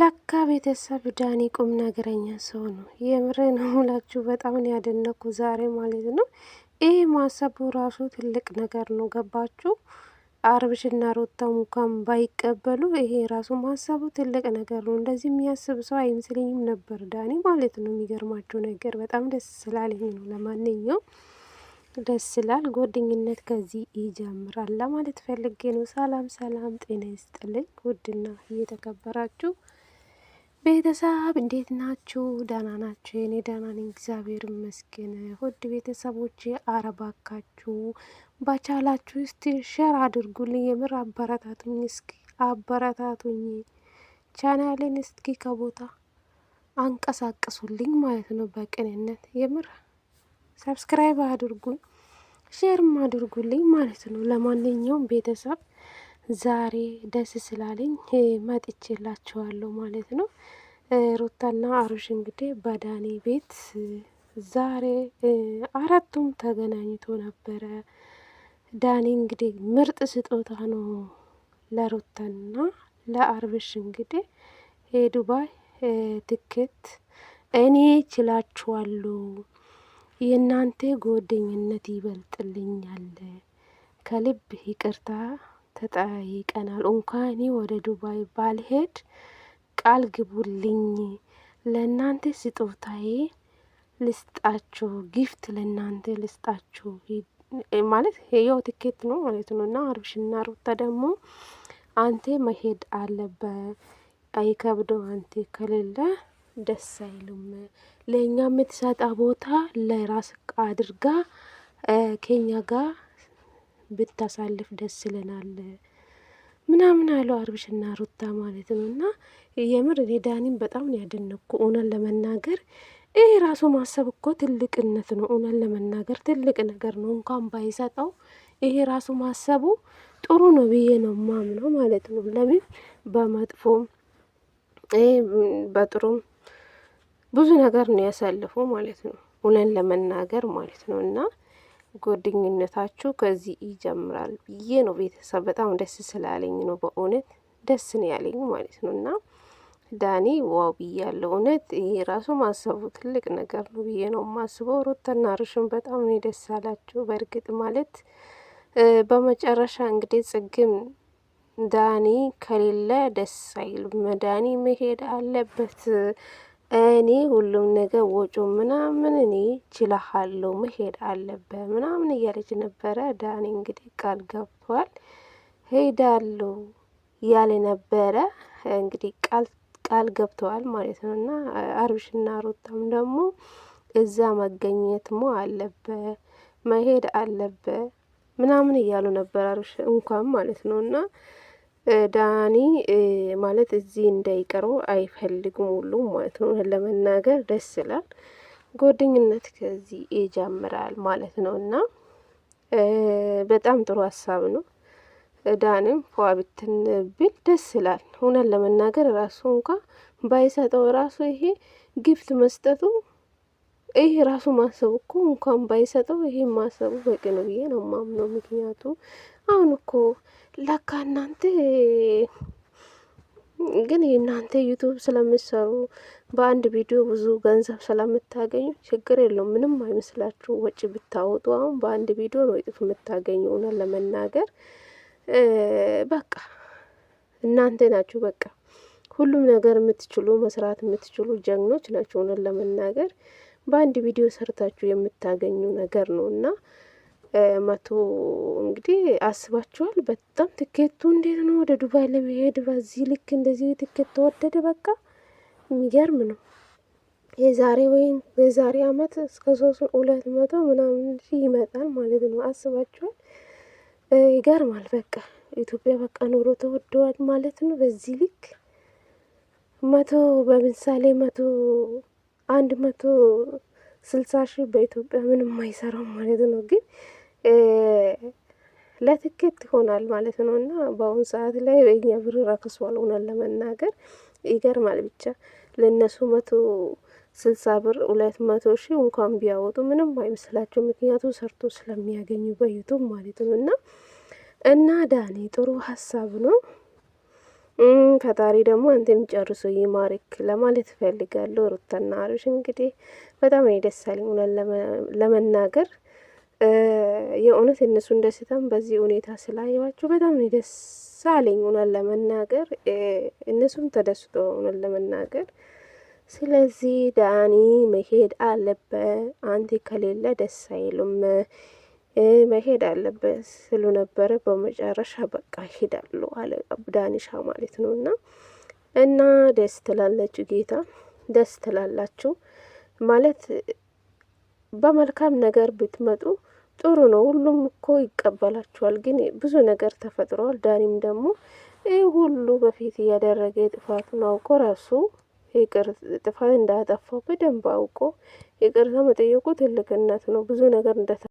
ለካ ቤተሰብ ዳኒ ቁም ነገረኛ ሰው ነው። የምሬ ነው ሁላችሁ በጣም ያደነኩ ዛሬ ማለት ነው። ይህ ማሰቡ ራሱ ትልቅ ነገር ነው። ገባችሁ? አብርሽና ሩታ እንኳን ባይቀበሉ ይሄ ራሱ ማሰቡ ትልቅ ነገር ነው። እንደዚህ የሚያስብ ሰው አይመስለኝም ነበር ዳኒ ማለት ነው። የሚገርማችሁ ነገር በጣም ደስ ስላለኝ ነው። ለማንኛውም ደስ ስላል ጓደኝነት ከዚህ ይጀምራል ለማለት ፈልጌ ነው። ሰላም ሰላም፣ ጤና ይስጥልኝ ውድና እየተከበራችሁ ቤተሰብ እንዴት ናችሁ? ደህና ናችሁ? የኔ ደህና ነኝ፣ እግዚአብሔር ይመስገን። ውድ ቤተሰቦች አረባካችሁ ባቻላችሁ እስቲ ሸር አድርጉልኝ፣ የምር አበረታቱኝ። እስኪ አበረታቱኝ፣ ቻናሌን እስኪ ከቦታ አንቀሳቅሱልኝ ማለት ነው። በቅንነት የምር ሰብስክራይብ አድርጉኝ፣ ሼርም አድርጉልኝ ማለት ነው። ለማንኛውም ቤተሰብ ዛሬ ደስ ስላለኝ መጥቼላችኋለሁ ማለት ነው። ሩታና አብርሽ እንግዲህ በዳኒ ቤት ዛሬ አራቱም ተገናኝቶ ነበረ። ዳኒ እንግዲህ ምርጥ ስጦታ ነው ለሩታና ለአርብሽ እንግዲህ የዱባይ ትኬት እኔ ችላችኋለሁ፣ የእናንተ ጓደኝነት ይበልጥልኛል፣ ከልብ ይቅርታ ተጠይቀናል። እንኳን ወደ ዱባይ ባልሄድ ቃል ግቡልኝ፣ ለእናንተ ስጦታዬ ልስጣችሁ፣ ጊፍት ለእናንተ ልስጣችሁ ማለት ይኸው ትኬት ነው ማለት ነው። እና አብርሽና ሩታ ደግሞ አንተ መሄድ አለበ አይከብዶ አንተ ከሌለ ደስ አይሉም። ለእኛ የምትሰጣ ቦታ ለራስ አድርጋ ከኛ ጋር ብታሳልፍ ደስ ይለናል ምናምን አለው አብርሽና ሩታ ማለት ነው። እና የምር እኔ ዳኒም በጣም ነው ያደነኩ። እውነት ለመናገር ይህ ራሱ ማሰብ እኮ ትልቅነት ነው። እውነት ለመናገር ትልቅ ነገር ነው። እንኳን ባይሰጠው ይሄ ራሱ ማሰቡ ጥሩ ነው ብዬ ነው ማምነው ማለት ነው። ለምን በመጥፎ በጥሩም ብዙ ነገር ነው ያሳልፈው ማለት ነው። እውነት ለመናገር ማለት ነው እና ጓደኝነታችሁ ከዚህ ይጀምራል ብዬ ነው ቤተሰብ። በጣም ደስ ስላለኝ ነው በእውነት ደስ ነው ያለኝ ማለት ነው። እና ዳኒ ዋው ብያለሁ። እውነት ይሄ ራሱ ማሰቡ ትልቅ ነገር ነው ብዬ ነው ማስበው። ሩታና ርሽም በጣም ነው ደስ አላቸው። በእርግጥ ማለት በመጨረሻ እንግዲህ ጽግም ዳኒ ከሌለ ደስ አይልም። ዳኒ መሄድ አለበት እኔ ሁሉም ነገር ወጮ ምናምን እኔ ችላሃለሁ መሄድ አለበ ምናምን እያለች ነበረ። ዳኒ እንግዲህ ቃል ገብቷል ሄዳለሁ እያለ ነበረ እንግዲህ ቃል ቃል ገብተዋል ማለት ነው። እና አብርሽና ሩታም ደግሞ እዛ መገኘት ሞ አለበ መሄድ አለበ ምናምን እያሉ ነበር አብርሽ እንኳን ማለት ነው እና ዳኒ ማለት እዚህ እንዳይቀሩ አይፈልጉም ሁሉም ማለት ነው። ለመናገር ደስ ይላል። ጓደኝነት ከዚህ ይጀምራል ማለት ነው እና በጣም ጥሩ ሀሳብ ነው። ዳንም ፏብትን ብል ደስ ይላል። እውነት ለመናገር ራሱ እንኳ ባይሰጠው ራሱ ይሄ ግፍት መስጠቱ ይህ ራሱ ማሰብ እኮ እንኳን ባይሰጠው ይሄ ማሰቡ በቂ ነው ብዬ ነው ማምነው። ምክንያቱ አሁን እኮ ለካ እናንተ ግን እናንተ ዩቱብ ስለምሰሩ በአንድ ቪዲዮ ብዙ ገንዘብ ስለምታገኙ ችግር የለውም፣ ምንም አይመስላችሁ። ወጪ ብታወጡ አሁን በአንድ ቪዲዮ ነው እጥፍ የምታገኙ። እውነት ለመናገር በቃ እናንተ ናችሁ በቃ ሁሉም ነገር የምትችሉ መስራት የምትችሉ ጀግኖች ናቸው። እውነት ለመናገር በአንድ ቪዲዮ ሰርታችሁ የምታገኙ ነገር ነው እና መቶ እንግዲህ አስባችኋል። በጣም ትኬቱ እንዴት ነው ወደ ዱባይ ለመሄድ በዚህ ልክ እንደዚህ ትኬት ተወደደ። በቃ የሚገርም ነው። የዛሬ ወይም የዛሬ አመት እስከ ሶስት ሁለት መቶ ምናምን ሺ ይመጣል ማለት ነው። አስባችኋል። ይገርማል። በቃ ኢትዮጵያ በቃ ኑሮ ተወደዋል ማለት ነው። በዚህ ልክ መቶ በምሳሌ መቶ አንድ መቶ ስልሳ ሺህ በኢትዮጵያ ምንም አይሰራም ማለት ነው፣ ግን ለትኬት ይሆናል ማለት ነው። እና በአሁኑ ሰዓት ላይ በኛ ብር ረክሷል፣ እውነቱን ለመናገር ይገርማል። ብቻ ለእነሱ መቶ ስልሳ ብር ሁለት መቶ ሺህ እንኳን ቢያወጡ ምንም አይመስላቸው፣ ምክንያቱ ሰርቶ ስለሚያገኙ በዩቱብ ማለት ነው። እና እና ዳኒ ጥሩ ሀሳብ ነው። ፈጣሪ ደግሞ አንተም ጨርሶ ይማርክ ለማለት እፈልጋለሁ። ሩታና አብርሽ እንግዲህ በጣም ነው ደስ ለመናገር የእውነት እነሱን ደስታም በዚህ ሁኔታ ስላየዋቸው በጣም ነው ደስ አለኝ እውነት ለመናገር እነሱም ተደስቶ እውነት ለመናገር ስለዚህ ዳኒ መሄድ አለበት። አንተ ከሌለ ደስ አይሉም። መሄድ አለበት ስሉ ነበረ። በመጨረሻ በቃ ሄዳለሁ አለ ዳኒሻ ማለት ነው። እና እና ደስ ትላላችሁ ጌታ ደስ ትላላችሁ ማለት በመልካም ነገር ብትመጡ ጥሩ ነው። ሁሉም እኮ ይቀበላችኋል። ግን ብዙ ነገር ተፈጥሯል። ዳኒም ደግሞ ይህ ሁሉ በፊት እያደረገ ጥፋቱን አውቆ ራሱ ጥፋት እንዳጠፋው በደንብ አውቆ ይቅርታ መጠየቁ ትልቅነት ነው። ብዙ ነገር እንደ